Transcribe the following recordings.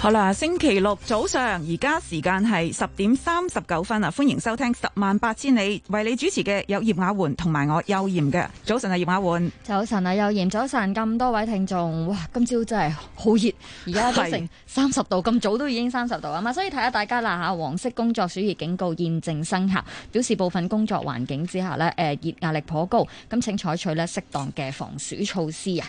好啦，星期六早上，而家時間係十點三十九分啊！歡迎收聽《十萬八千里》，為你主持嘅有葉雅媛同埋我邱妍嘅。早晨啊，葉雅媛。早晨啊，邱妍，早晨，咁多位聽眾，哇！今朝真係好熱，而家都成三十度，咁是早都已經三十度啊嘛。所以睇下大家啦吓，黃色工作暑熱警告現正生效，表示部分工作環境之下呢誒，熱壓力頗高，咁請採取呢適當嘅防暑措施啊。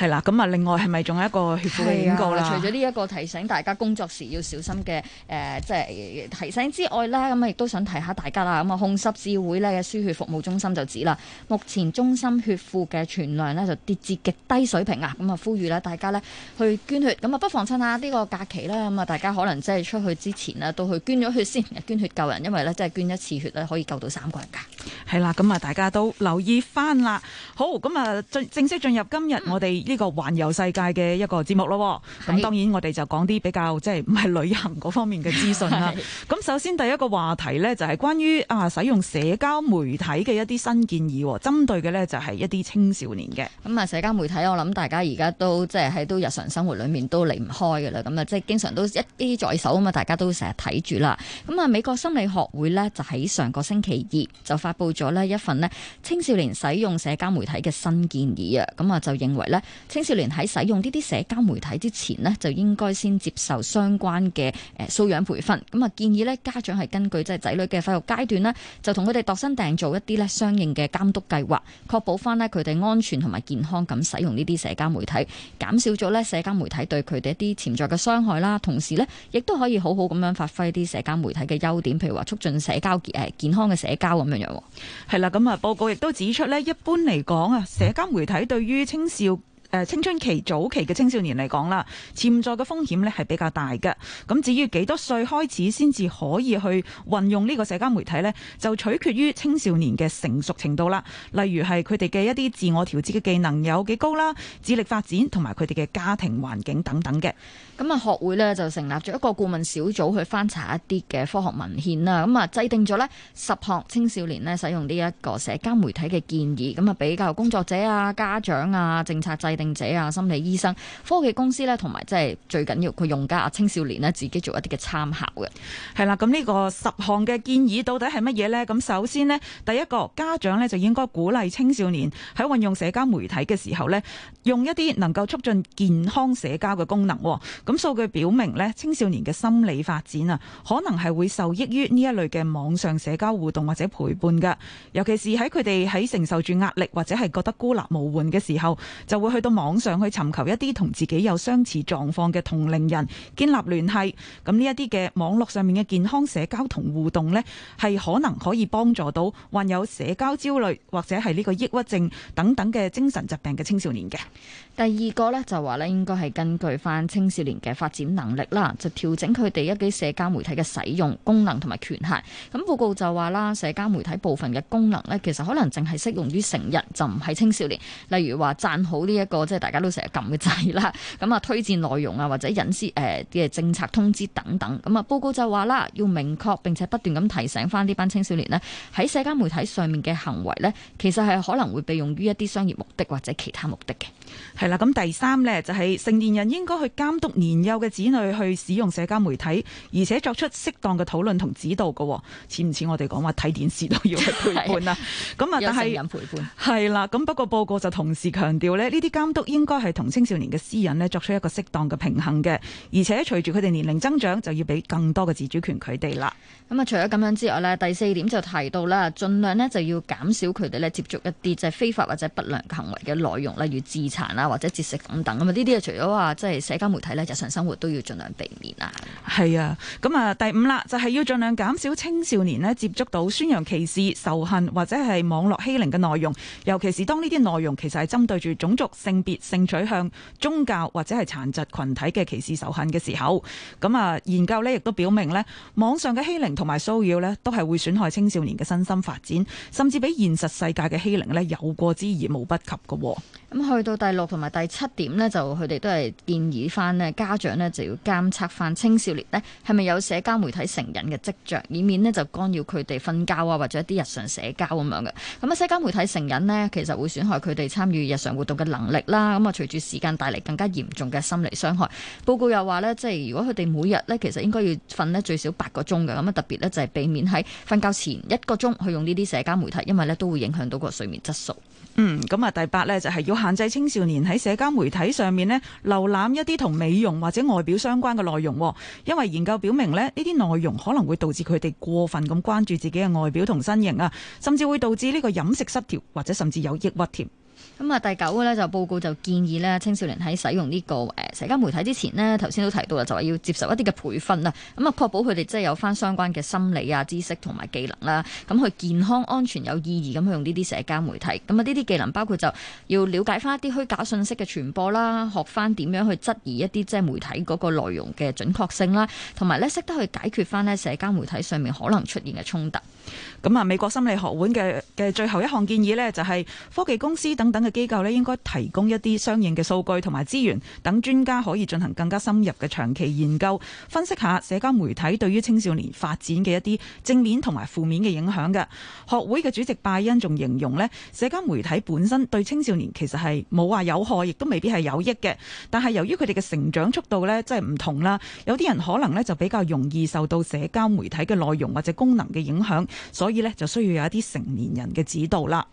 係啦，咁啊，另外係咪仲有一個血庫嘅警告咧？除咗呢一個提醒大家工作時要小心嘅誒、呃，即係提醒之外咧，咁啊，亦都想提下大家啦。咁啊，紅十字會咧嘅輸血服務中心就指啦，目前中心血庫嘅存量呢就跌至極低水平啊！咁啊，呼籲咧大家呢去捐血，咁啊，不妨趁下呢個假期啦，咁啊，大家可能即係出去之前呢，都去捐咗血先，捐血救人，因為呢即係捐一次血咧可以救到三個人㗎。係啦，咁啊，大家都留意翻啦。好，咁啊，正正式進入今日我哋，嗯呢個環遊世界嘅一個節目咯，咁當然我哋就講啲比較即係唔係旅行嗰方面嘅資訊啦。咁首先第一個話題呢，就係關於啊使用社交媒體嘅一啲新建議，針對嘅呢，就係一啲青少年嘅。咁啊，社交媒體我諗大家而家都即係喺都日常生活裏面都離唔開嘅啦。咁啊，即係經常都一機在手啊嘛，大家都成日睇住啦。咁啊，美國心理學會呢，就喺上個星期二就發佈咗呢一份呢青少年使用社交媒體嘅新建議啊。咁啊，就認為呢。青少年喺使用呢啲社交媒體之前呢，就應該先接受相關嘅誒素養培訓。咁啊，建議呢，家長係根據即係仔女嘅發育階段呢，就同佢哋度身訂做一啲呢相應嘅監督計劃，確保翻呢佢哋安全同埋健康咁使用呢啲社交媒體，減少咗呢社交媒體對佢哋一啲潛在嘅傷害啦。同時呢，亦都可以好好咁樣發揮啲社交媒體嘅優點，譬如話促進社交健康嘅社交咁樣樣。係啦，咁啊報告亦都指出呢，一般嚟講啊，社交媒體對於青少年呃、青春期早期嘅青少年嚟講啦，潛在嘅風險咧係比較大嘅。咁至於幾多歲開始先至可以去運用呢個社交媒體咧，就取決於青少年嘅成熟程度啦。例如係佢哋嘅一啲自我調節嘅技能有幾高啦，智力發展同埋佢哋嘅家庭環境等等嘅。咁啊學會咧就成立咗一個顧問小組去翻查一啲嘅科學文獻啦。咁啊制定咗咧十項青少年咧使用呢一個社交媒體嘅建議，咁啊，俾教育工作者啊、家長啊、政策制者啊，心理醫生、科技公司咧，同埋即係最緊要佢用家啊，青少年咧自己做一啲嘅參考嘅。係啦，咁呢個十項嘅建議到底係乜嘢咧？咁首先咧，第一個家長咧就應該鼓勵青少年喺運用社交媒體嘅時候咧，用一啲能夠促進健康社交嘅功能。咁數據表明咧，青少年嘅心理發展啊，可能係會受益於呢一類嘅網上社交互動或者陪伴噶，尤其是喺佢哋喺承受住壓力或者係覺得孤立無援嘅時候，就會去到。網上去尋求一啲同自己有相似狀況嘅同齡人建立聯繫，咁呢一啲嘅網絡上面嘅健康社交同互動呢，係可能可以幫助到患有社交焦慮或者係呢個抑鬱症等等嘅精神疾病嘅青少年嘅。第二個呢，就話呢，應該係根據返青少年嘅發展能力啦，就調整佢哋一啲社交媒體嘅使用功能同埋權限。咁報告就話啦，社交媒體部分嘅功能呢，其實可能淨係適用於成人，就唔係青少年。例如話讚好呢一個，即係大家都成日撳嘅掣啦，咁啊推薦內容啊或者隱私誒嘅、呃、政策通知等等，咁啊報告就話啦，要明確並且不斷咁提醒翻呢班青少年咧喺社交媒體上面嘅行為咧，其實係可能會被用於一啲商業目的或者其他目的嘅。係啦，咁第三咧就係、是、成年人應該去監督年幼嘅子女去使用社交媒體，而且作出適當嘅討論同指導嘅。似唔似我哋講話睇電視都要去陪伴啊？咁啊係嘅，但係要成人陪伴，係啦，咁不過報告就同時強調咧，呢啲監。都應該係同青少年嘅私隱咧作出一個適當嘅平衡嘅，而且隨住佢哋年齡增長，就要俾更多嘅自主權佢哋啦。咁啊，除咗咁樣之外咧，第四點就提到咧，儘量呢就要減少佢哋咧接觸一啲即係非法或者不良行為嘅內容，例如自殘啊或者節食等等。咁啊，呢啲啊除咗話即係社交媒體咧，日常生活都要儘量避免啊。係啊，咁啊第五啦，就係、是、要儘量減少青少年咧接觸到宣揚歧視、仇恨或者係網絡欺凌嘅內容，尤其是當呢啲內容其實係針對住種族性別性取向、宗教或者係殘疾群體嘅歧視仇恨嘅時候，咁啊，研究咧亦都表明咧，網上嘅欺凌同埋騷擾咧，都係會損害青少年嘅身心發展，甚至比現實世界嘅欺凌咧有過之而無不及嘅。咁去到第六同埋第七點咧，就佢哋都係建議翻咧，家長咧就要監測翻青少年咧係咪有社交媒體成癮嘅跡象，以免咧就干擾佢哋瞓覺啊，或者一啲日常社交咁樣嘅。咁啊，社交媒體成癮咧，其實會損害佢哋參與日常活動嘅能力。啦，咁啊，隨住時間帶嚟更加嚴重嘅心理傷害。報告又話呢，即係如果佢哋每日呢，其實應該要瞓咧最少八個鐘嘅，咁啊特別呢，就係避免喺瞓覺前一個鐘去用呢啲社交媒體，因為呢都會影響到個睡眠質素。嗯，咁啊，第八呢，就係、是、要限制青少年喺社交媒體上面呢，瀏覽一啲同美容或者外表相關嘅內容。哦，因為研究表明咧，呢啲內容可能會導致佢哋過分咁關注自己嘅外表同身形啊，甚至會導致呢個飲食失調或者甚至有抑鬱添。咁啊，第九個咧就報告就建議咧，青少年喺使用呢個誒社交媒體之前咧，頭先都提到啦，就話要接受一啲嘅培訓啦，咁啊確保佢哋即係有翻相關嘅心理啊知識同埋技能啦，咁去健康安全有意義咁去用呢啲社交媒體。咁啊，呢啲技能包括就要了解翻一啲虛假信息嘅傳播啦，學翻點樣去質疑一啲即係媒體嗰個內容嘅準確性啦，同埋咧識得去解決翻咧社交媒體上面可能出現嘅衝突。咁啊，美國心理學會嘅嘅最後一項建議咧，就係科技公司等等嘅。機構咧應該提供一啲相應嘅數據同埋資源，等專家可以進行更加深入嘅長期研究，分析下社交媒體對於青少年發展嘅一啲正面同埋負面嘅影響嘅。學會嘅主席拜恩仲形容呢，社交媒體本身對青少年其實係冇話有害，亦都未必係有益嘅。但係由於佢哋嘅成長速度咧真係唔同啦，有啲人可能呢就比較容易受到社交媒體嘅內容或者功能嘅影響，所以呢就需要有一啲成年人嘅指導啦。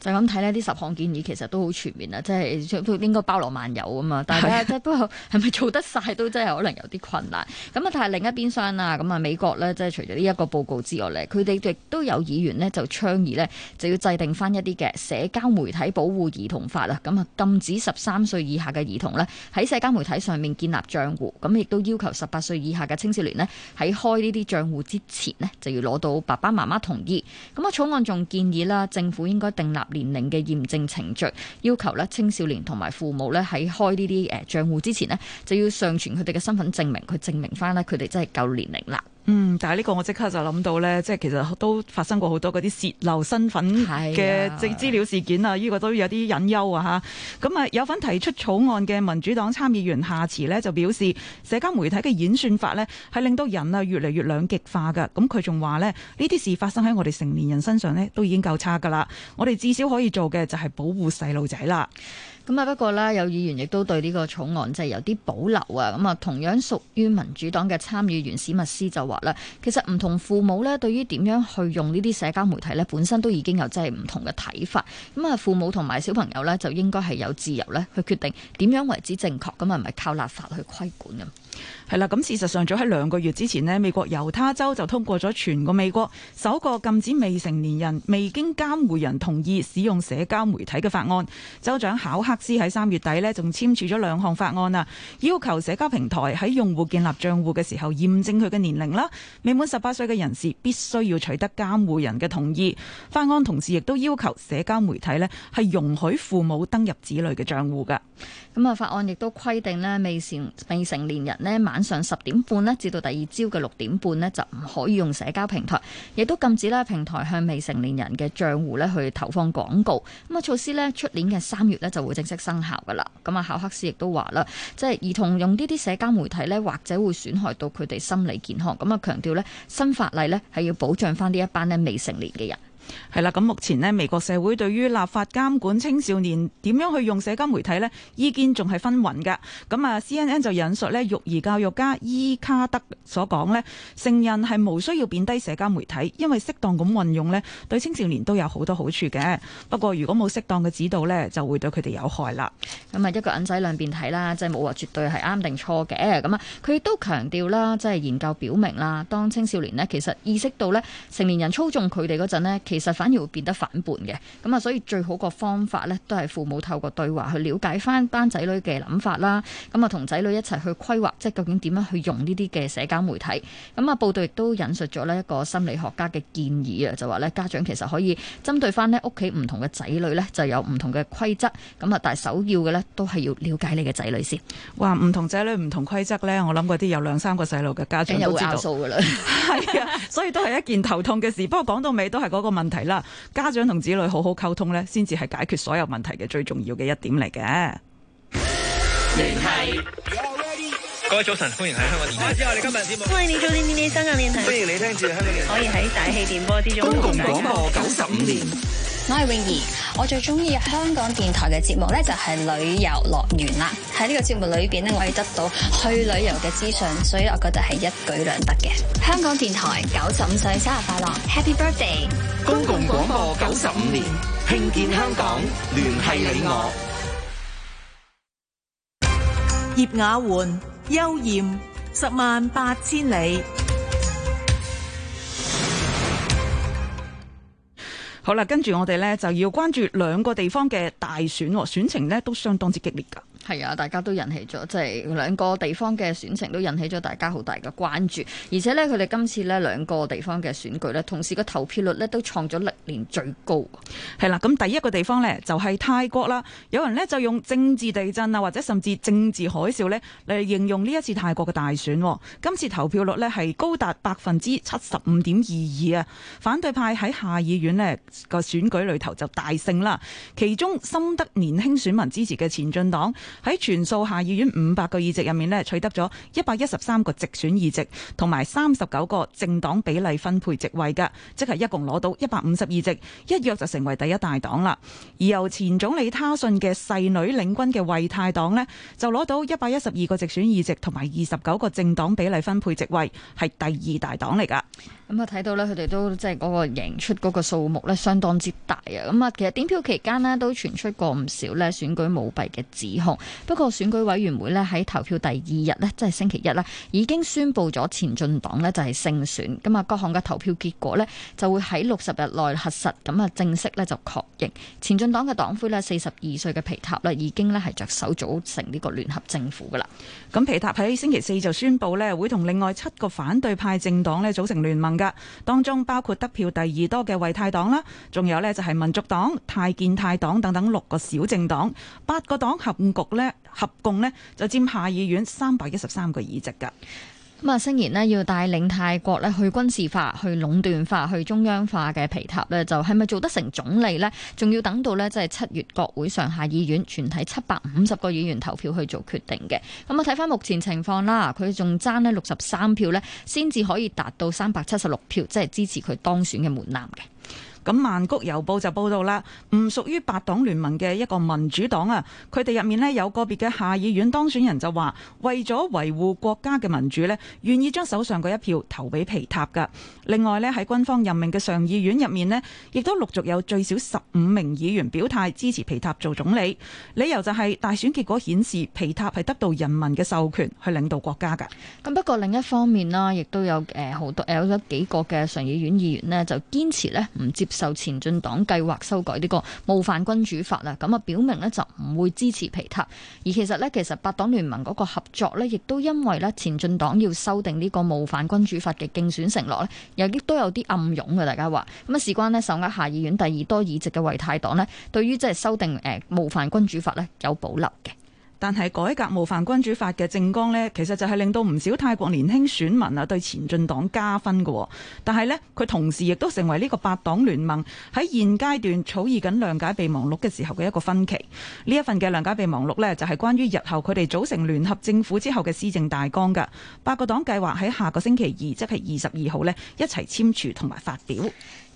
就咁睇呢啲十項建議其實。都好全面啊，即係應該包羅萬有啊嘛。但係即不過係咪做得晒都真係可能有啲困難。咁啊，但係另一邊廂啦，咁啊美國咧，即係除咗呢一個報告之外咧，佢哋亦都有議員呢，就倡議呢，就要制定翻一啲嘅社交媒體保護兒童法啊。咁啊禁止十三歲以下嘅兒童呢，喺社交媒體上面建立賬戶。咁亦都要求十八歲以下嘅青少年呢，喺開呢啲賬戶之前呢，就要攞到爸爸媽媽同意。咁啊草案仲建議啦，政府應該訂立年齡嘅驗證程序。要求咧，青少年同埋父母咧，喺開呢啲誒賬戶之前咧，就要上傳佢哋嘅身份證明，去證明翻咧佢哋真係夠年齡啦。嗯，但係呢個我即刻就諗到呢，即係其實都發生過好多嗰啲洩漏身份嘅即資料事件啊。呢個都有啲隱憂啊，吓咁啊。有份提出草案嘅民主黨參議員夏慈呢，就表示，社交媒體嘅演算法呢，係令到人啊越嚟越兩極化噶。咁佢仲話呢，呢啲事發生喺我哋成年人身上呢，都已經夠差噶啦，我哋至少可以做嘅就係保護細路仔啦。咁啊，不過咧有議員亦都對呢個草案就係有啲保留啊。咁啊，同樣屬於民主黨嘅參議員史密斯就話啦，其實唔同父母咧，對於點樣去用呢啲社交媒體咧，本身都已經有即係唔同嘅睇法。咁啊，父母同埋小朋友咧，就應該係有自由咧去決定點樣為之正確。咁啊，唔係靠立法去規管係啦，咁事實上早喺兩個月之前呢，美國猶他州就通過咗全個美國首個禁止未成年人未經監護人同意使用社交媒體嘅法案。州長考克斯喺三月底呢，仲簽署咗兩項法案啊，要求社交平台喺用戶建立賬戶嘅時候驗證佢嘅年齡啦。未滿十八歲嘅人士必須要取得監護人嘅同意。法案同時亦都要求社交媒體呢，係容許父母登入子女嘅賬戶噶。咁啊，法案亦都規定呢，未成未成年人。呢晚上十點半呢至到第二朝嘅六點半呢就唔可以用社交平台，亦都禁止呢平台向未成年人嘅賬戶呢去投放廣告。咁啊措施呢出年嘅三月呢就會正式生效噶啦。咁啊考克斯亦都話啦，即係兒童用呢啲社交媒體呢或者會損害到佢哋心理健康。咁啊強調呢新法例呢係要保障返呢一班呢未成年嘅人。係啦，咁目前呢，美國社會對於立法監管青少年點樣去用社交媒體呢？意見仲係紛紜嘅。咁啊，CNN 就引述呢育兒教育家伊卡德所講呢，成人係無需要變低社交媒體，因為適當咁運用呢，對青少年都有好多好處嘅。不過如果冇適當嘅指導呢，就會對佢哋有害啦。咁啊，一個銀仔兩邊睇啦，即係冇話絕對係啱定錯嘅。咁啊，佢亦都強調啦，即係研究表明啦，當青少年呢，其實意識到呢，成年人操縱佢哋嗰陣呢。其實反而會變得反叛嘅，咁啊，所以最好個方法呢，都係父母透過對話去了解翻班仔女嘅諗法啦，咁啊，同仔女一齊去規劃，即係究竟點樣去用呢啲嘅社交媒體。咁啊，報道亦都引述咗呢一個心理學家嘅建議啊，就話呢家長其實可以針對翻呢屋企唔同嘅仔女呢，就有唔同嘅規則。咁啊，但係首要嘅呢，都係要了解你嘅仔女先。哇，唔同仔女唔同規則呢，我諗嗰啲有兩三個細路嘅家長都知噶啦，係 所以都係一件頭痛嘅事。不過講到尾都係嗰個問題。.問題啦，家長同子女好好溝通咧，先至係解決所有問題嘅最重要嘅一點嚟嘅。席 re 各位早晨，歡迎喺香港電台我哋今日節目，歡迎你早啲電醫生嘅、啊、面。係，歡迎你聽住香港電台， 可以喺大氣電波之中。公共廣播九十五年。我係泳兒，我最中意香港電台嘅節目咧就係旅遊樂園啦。喺呢個節目裏邊咧，我可以得到去旅遊嘅資訊，所以我覺得係一舉兩得嘅。香港電台九十五歲生日快樂，Happy Birthday！公共廣播九十五年，慶建香港，聯繫你我。葉雅媛、邱艷，十萬八千里。好啦，跟住我哋呢就要關注兩個地方嘅大選，選情呢都相當之激烈㗎。係啊，大家都引起咗，即係兩個地方嘅選情都引起咗大家好大嘅關注。而且呢，佢哋今次呢兩個地方嘅選舉呢同時個投票率呢都創咗歷年最高。係啦，咁第一個地方呢，就係泰國啦。有人呢，就用政治地震啊，或者甚至政治海嘯呢嚟，形容呢一次泰國嘅大選。今次投票率呢係高達百分之七十五點二二啊！反對派喺下議院呢個選舉裏頭就大勝啦，其中深得年輕選民支持嘅前進黨。喺全數下議院五百個議席入面取得咗一百一十三個直選議席，同埋三十九個政黨比例分配席位嘅，即係一共攞到一百五十二席，一躍就成為第一大黨啦。而由前總理他信嘅細女領軍嘅衛泰黨呢，就攞到一百一十二個直選議席，同埋二十九個政黨比例分配席位，係第二大黨嚟噶咁啊、嗯，睇到呢，佢哋都即係嗰個贏出嗰個數目呢，相當之大啊！咁、嗯、啊，其實點票期間呢，都傳出過唔少呢選舉舞弊嘅指控。不過選舉委員會咧喺投票第二日咧，即係星期一咧，已經宣布咗前進黨咧就係勝選。咁啊，各項嘅投票結果呢，就會喺六十日內核實，咁啊正式呢就確認前進黨嘅黨魁呢，四十二歲嘅皮塔呢，已經咧係着手組成呢個聯合政府噶啦。咁皮塔喺星期四就宣布呢，會同另外七個反對派政黨呢組成聯盟噶，當中包括得票第二多嘅為泰黨啦，仲有呢，就係民族黨、泰建泰黨等等六個小政黨，八個黨合局。咧合共咧就佔下議院三百一十三個議席噶。咁啊，聲言咧要帶領泰國咧去軍事化、去壟斷化、去中央化嘅皮塔咧，就係咪做得成總理呢？仲要等到咧即係七月國會上下議院全體七百五十個議員投票去做決定嘅。咁啊，睇翻目前情況啦，佢仲爭咧六十三票咧，先至可以達到三百七十六票，即係支持佢當選嘅門檻嘅。咁《曼谷郵報》就報道啦，唔屬於八黨聯盟嘅一個民主黨啊，佢哋入面呢，有個別嘅下議院當選人就話，為咗維護國家嘅民主呢，願意將手上嗰一票投畀皮塔㗎。另外呢，喺軍方任命嘅上議院入面呢，亦都陸續有最少十五名議員表態支持皮塔做總理，理由就係大選結果顯示皮塔係得到人民嘅授權去領導國家㗎。咁不過另一方面啦，亦都有呃、好多、呃、有咗、呃呃、幾個嘅上議院議員呢，就堅持呢唔接受前進黨計劃修改呢、這個冒犯君主法啦，咁啊表明呢就唔會支持皮塔，而其實呢，其實八黨聯盟嗰個合作呢，亦都因為呢前進黨要修訂呢、這個冒犯君主法嘅競選承諾呢，又亦都有啲暗湧嘅，大家話咁啊事關呢，受壓下議院第二多議席嘅為泰黨呢，對於即係修訂誒、呃、冒犯君主法呢，有保留嘅。但係改革冒犯君主法嘅政綱呢，其實就係令到唔少泰國年輕選民啊對前進黨加分嘅、哦。但係呢，佢同時亦都成為呢個八黨聯盟喺現階段草擬緊諒解備忘錄嘅時候嘅一個分歧。呢一份嘅諒解備忘錄呢，就係、是、關於日後佢哋組成聯合政府之後嘅施政大綱嘅。八個黨計劃喺下個星期二，即係二十二號呢，一齊簽署同埋發表。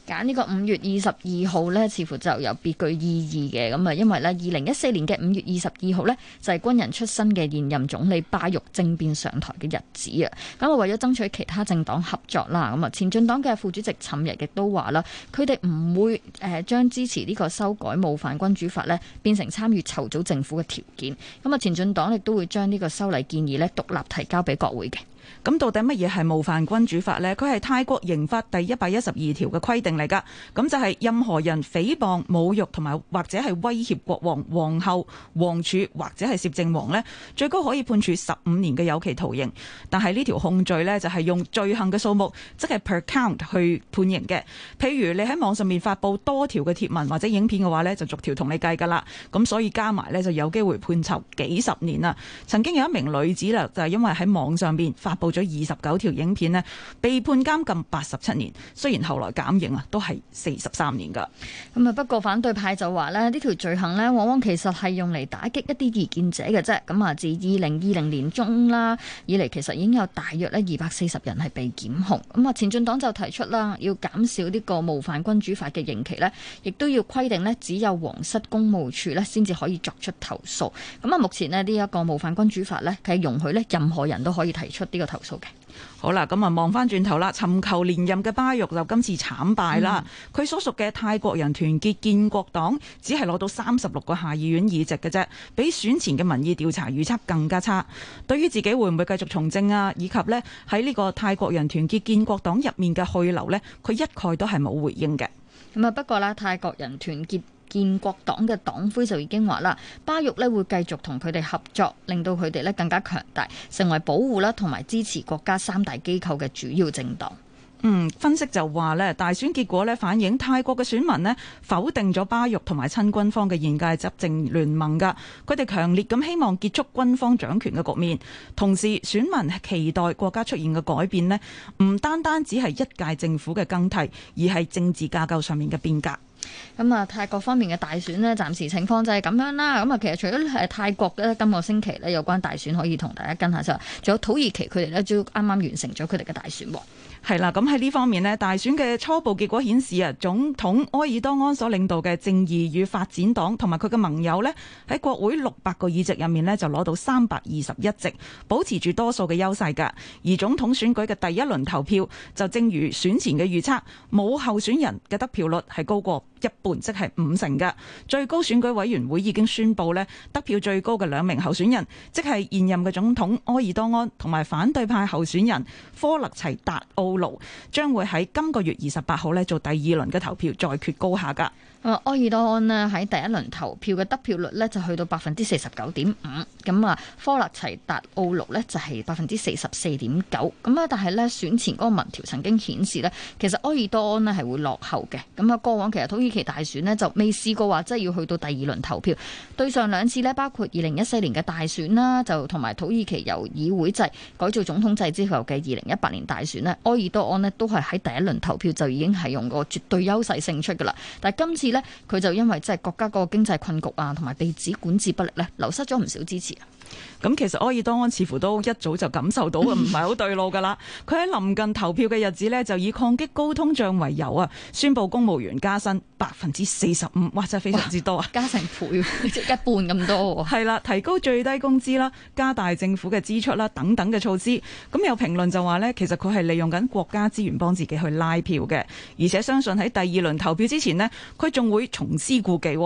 揀呢個五月二十二號呢，似乎就有別具意義嘅咁啊，因為呢，二零一四年嘅五月二十二號呢，就係、是、軍人出身嘅現任總理巴育政變上台嘅日子啊。咁啊，為咗爭取其他政黨合作啦，咁啊，前進黨嘅副主席尋日亦都話啦，佢哋唔會誒將支持呢個修改冒犯君主法呢變成參與籌組政府嘅條件。咁啊，前進黨亦都會將呢個修例建議呢獨立提交俾國會嘅。咁到底乜嘢係冒犯君主法呢？佢係泰國刑法第一百一十二條嘅規定嚟噶。咁就係任何人誹謗、侮辱同埋或者係威脅國王、皇后、皇儲或者係攝政王呢，最高可以判處十五年嘅有期徒刑。但係呢條控罪呢，就係用罪行嘅數目，即係 per count 去判刑嘅。譬如你喺網上面發布多條嘅貼文或者影片嘅話呢，就逐條同你計㗎啦。咁所以加埋呢，就有機會判囚幾十年啦。曾經有一名女子咧，就係因為喺網上邊發報咗二十九條影片，被判監禁八十七年，雖然後來減刑啊，都係四十三年噶。咁啊，不過反對派就話呢，呢條罪行呢，往往其實係用嚟打擊一啲意見者嘅啫。咁啊，自二零二零年中啦以嚟，其實已經有大約呢，二百四十人係被檢控。咁啊，前進黨就提出啦，這個，要減少呢個冒犯君主法嘅刑期呢，亦都要規定呢，只有皇室公務處呢先至可以作出投訴。咁啊，目前呢，這個，呢一個冒犯君主法呢，佢係容許呢，任何人都可以提出呢，這個。投訴嘅好啦，咁啊望翻轉頭啦，尋求連任嘅巴育就今次慘敗啦。佢、嗯、所屬嘅泰國人團結建國黨只係攞到三十六個下議院議席嘅啫，比選前嘅民意調查預測更加差。對於自己會唔會繼續從政啊，以及呢喺呢個泰國人團結建國黨入面嘅去留呢，佢一概都係冇回應嘅。咁啊、嗯，不過啦，泰國人團結。建國黨嘅黨魁就已經話啦，巴育呢會繼續同佢哋合作，令到佢哋呢更加強大，成為保護啦同埋支持國家三大機構嘅主要政黨。嗯，分析就話呢，大選結果呢反映泰國嘅選民呢否定咗巴育同埋親軍方嘅現屆執政聯盟噶，佢哋強烈咁希望結束軍方掌權嘅局面，同時選民期待國家出現嘅改變呢，唔單單只係一屆政府嘅更替，而係政治架構上面嘅變革。咁啊，泰國方面嘅大選呢，暫時情況就係咁樣啦。咁啊，其實除咗誒泰國咧，今個星期呢，有關大選可以同大家跟下就，仲有土耳其佢哋呢，最啱啱完成咗佢哋嘅大選。係啦，咁喺呢方面呢，大選嘅初步結果顯示啊，總統埃爾多安所領導嘅正義與發展黨同埋佢嘅盟友呢，喺國會六百個議席入面呢，就攞到三百二十一席，保持住多數嘅優勢噶。而總統選舉嘅第一輪投票就正如選前嘅預測，冇候選人嘅得票率係高過。一半即係五成㗎。最高選舉委員會已經宣布得票最高嘅兩名候選人，即係現任嘅總統埃爾多安同埋反對派候選人科勒齊達奧魯，將會喺今個月二十八號做第二輪嘅投票，再決高下噶。啊，埃爾多安呢，喺第一輪投票嘅得票率呢，就去到百分之四十九點五，咁啊，科勒齊達奧盧呢就係百分之四十四點九，咁啊，但係呢，選前嗰個民調曾經顯示呢，其實埃爾多安呢係會落後嘅，咁啊，過往其實土耳其大選呢，就未試過話即係要去到第二輪投票，對上兩次呢，包括二零一四年嘅大選啦，就同埋土耳其由議會制改造總統制之後嘅二零一八年大選呢，埃爾多安呢都係喺第一輪投票就已經係用個絕對優勢勝出㗎啦，但係今次佢就因為即係國家個經濟困局啊，同埋被指管治不力咧，流失咗唔少支持。咁其實柯爾多安似乎都一早就感受到唔係好對路噶啦，佢喺臨近投票嘅日子呢，就以抗擊高通脹為由啊，宣布公務員加薪百分之四十五，哇真係非常之多啊，加成倍，即 一半咁多。係啦，提高最低工資啦，加大政府嘅支出啦，等等嘅措施。咁有評論就話呢，其實佢係利用緊國家資源幫自己去拉票嘅，而且相信喺第二輪投票之前呢，佢仲會重施故技。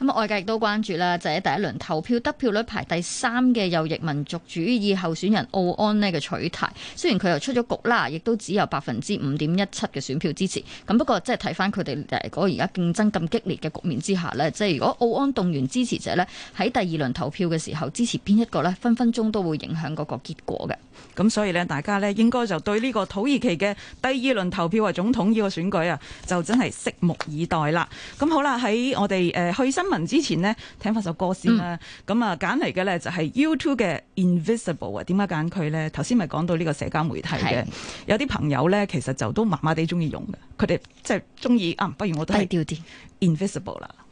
咁外界亦都關注啦，就係第一輪投票得票率排第三嘅右翼民族主義候選人奧安咧嘅取態，雖然佢又出咗局啦，亦都只有百分之五點一七嘅選票支持。咁不過即係睇返佢哋誒，嗰而家競爭咁激烈嘅局面之下咧，即係如果奧安動員支持者咧喺第二輪投票嘅時候支持邊一個咧，分分鐘都會影響嗰個結果嘅。咁所以咧，大家咧應該就對呢個土耳其嘅第二輪投票，係總統呢個選舉啊，就真係拭目以待啦。咁好啦，喺我哋誒去新聞之前呢，聽翻首歌先啦。咁啊揀嚟嘅咧就係 YouTube 嘅 Invisible 啊。點解揀佢呢？頭先咪講到呢個社交媒體嘅是有啲朋友咧，其實就都麻麻地中意用嘅。佢哋即係中意啊，不如我低調啲 Invisible 啦。In